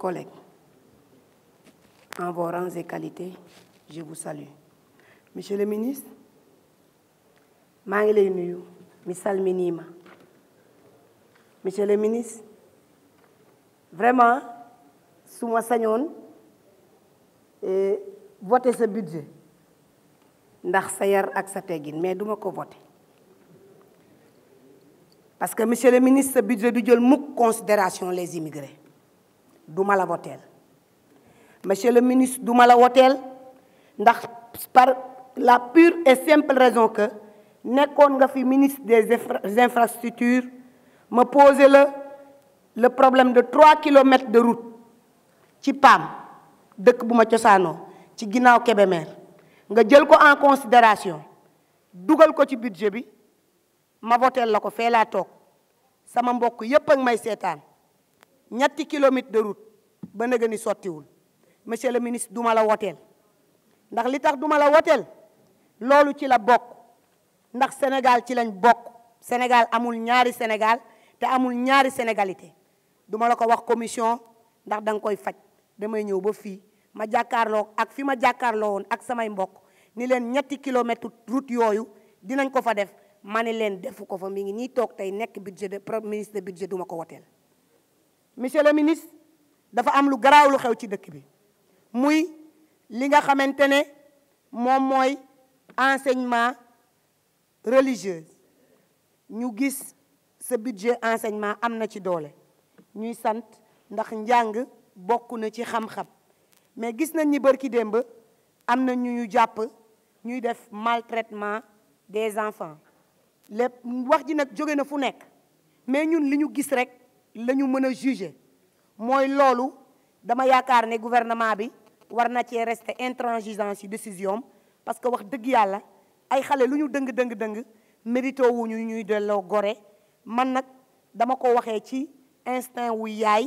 collègues, en vos rangs et qualités, je vous salue. Monsieur le ministre, maa nuyu monsieur le ministre vraiment sous ma sañoon eh, voter ce budget ndax sa ak sa mais pas voter parce que monsieur le ministre ce budget du jël considération les immigrés du la monsieur le ministre du Hotel, la par la pure et simple raison que nekon nga fi ministre des infrastructures me posé le le problème de trois kilomètres de route ci PAM deuk buma ma cosaanoo ci ginaaw kebemer nga jël ko en considération Dougal ko ci budget bi ma woteel la ko la tok sama mbokk yep ak may ñetti kilomètre de route ba nga ni monsieur le ministre duma la wotel ndax li tax duma la wotel loolu ci la bok ndax Sénégal ci lañ bok Sénégal amul ñaari Sénégal té amul ñaari sénégalité duma la ko wax commission ndax dang koy faj damay ñew ba fi ma jakarlo ak fi ma jàkkaarloo ak samay mbokk ni len ñetti kilomètre route yoyu dinañ ko fa def mané len ko fa mi ngi budget de ministre budget duma ko wotel monsieur le ministre dafa am lu garaaw lu xew ci dëkk bi muy li nga xamante ne moom mooy enseignement religieux ñu gis sa budget enseignement am na ci doole ñuy sant ndax njàng bokk na ci xam-xam mais gis nañ ni bërki démb am na ñu ñu jàpp ñuy def maltraitement des enfants lépp wax ji nag jóge na fu nekk mais ñun li ñu gis rek lañu mëna a juger moy lolu dama yaakaar né gouvernement bi warna ci rester intransigeant ci décision parce que wax dëgg yalla ay xalé luñu ñu dëng dëng dëng mérito wuñu ñuy delloo goré man nak dama ko waxé ci instinct wu yaay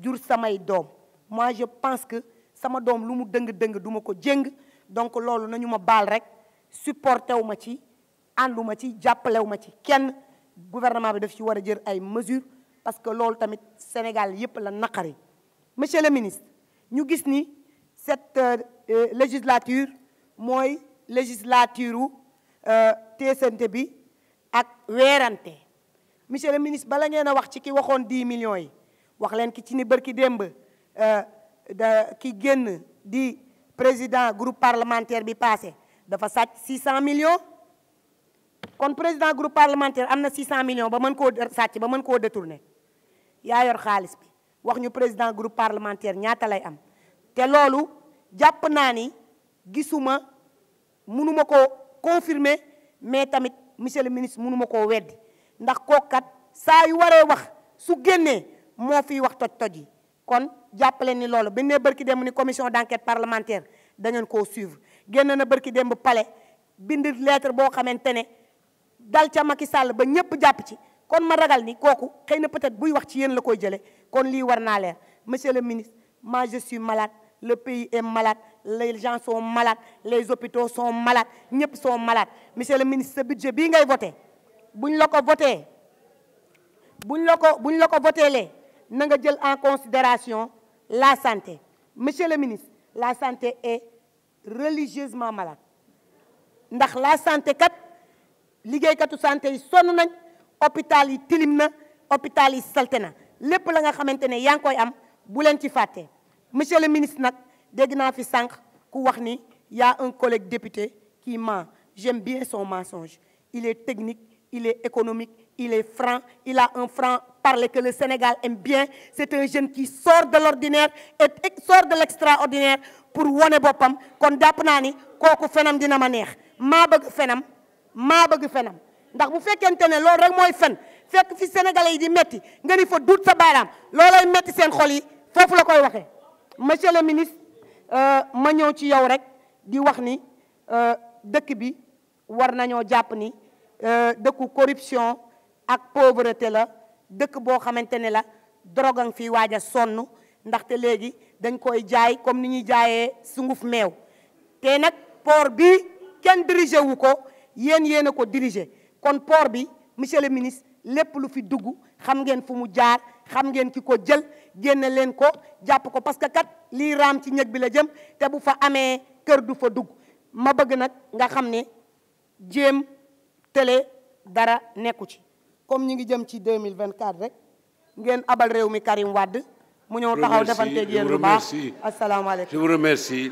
jur samay dom moi je pense que sama dom lu mu dëng dëng du ko jéng donc lolu nañu ma baal rek supporter wu ma ci anduma ma ci jàppalewu ma ci kenn gouvernement bi daf ci wara a jël ay mesures parce que loolu tamit Sénégal yépp la naqari monsieur le ministre ñu gis ni cette euh, euh, législature moy législature euh teesante bi ak wéranté monsieur le ministre bala ngeen a wax ci ki waxone 10 millions yi wax len ki ci ni demb euh da ki génn di président groupe parlementaire bi passé dafa sacc 600 millions kon président groupe parlementaire amna 600 millions ba man ko sacc ba man ko détourner yaa yor xaalis bi wax ñu président groupe parlementaire ñaata lay am te loolu jàpp naa ni gisuma mënuma koo confirmer mais tamit monsieur le ministre munuma koo wedd ndax kookat saa yu waree wax su génnee moo fiy wax toj-toj yi kon jàppale ni loolu bi ne bërki démb ni commission d'enquête parlementaire dañu koo suivre génn na bërki démb palais bind lettre boo xamante ne dal ca Macky Sall ba ñëpp jàpp ci kon ma ragal ni kooku xeyna peut-être buy wax ci yéen la koy jëlee kon li war leer monsieur le ministre moi je suis malade le pays est malade les gens sont malades les hôpitaux sont malades ñëpp sont malades monsieur le ministre ce budget bi ngay votez, buñ la ko voter buñ la ko buñ la ko na nga jël en considération la santé monsieur le ministre la santé est religieusement malade ndax la santé kat katu santé sonu nañ hôpital yi tilim na hôpital yi salte na la nga xamantene ne koy am bu len ci monsieur le ministre nak dégg na fi ku wax ni y a un collègue député qui ment j'aime bien son mensonge il est technique il est économique il est franc il a un franc parler que le Sénégal aime bien c'est un jeune qui sort de l'ordinaire et sort de l'extraordinaire pour woné Bopam, kon jàpp naa ni kooku fenam dina ma neex ma bëgg fenam ma bëgg fenam ndax bu fekkente ne loolu rek mooy fen fekk fi sénégalais yi di metti nga ni fa duut sa baaraam loolay metti seen xol yi foofu la koy waxee monsieur le ministre euh, ma ñëw ci yow rek di wax ni euh, dëkk bi war nañoo jàpp ni euh, dëkku corruption ak pauvreté la dëkk boo xamante ne la drogue fi waaja a sonn ndaxte léegi dañ koy jaay comme ni ñuy jaayee sunguf meew te nag por bi kenn dirigé wu ko yéen yéen a ko dirigé kon port bi monsieur le ministre lépp lu fi dugg xam ngeen fu mu jaar xam ngeen ki ko jël génne leen ko jàpp ko parce que kat lii raam ci ñëg bi la jëm te bu fa amee kër du fa dugg ma bëgg nag nga xam ne jéem télé dara nekku ci comme ñi ngi jëm ci 2024 rek ngeen abal réew mi Karim Wade mu ñëw taxaw defanteeg yéen lu baax asalaamaaleykum je vous remercie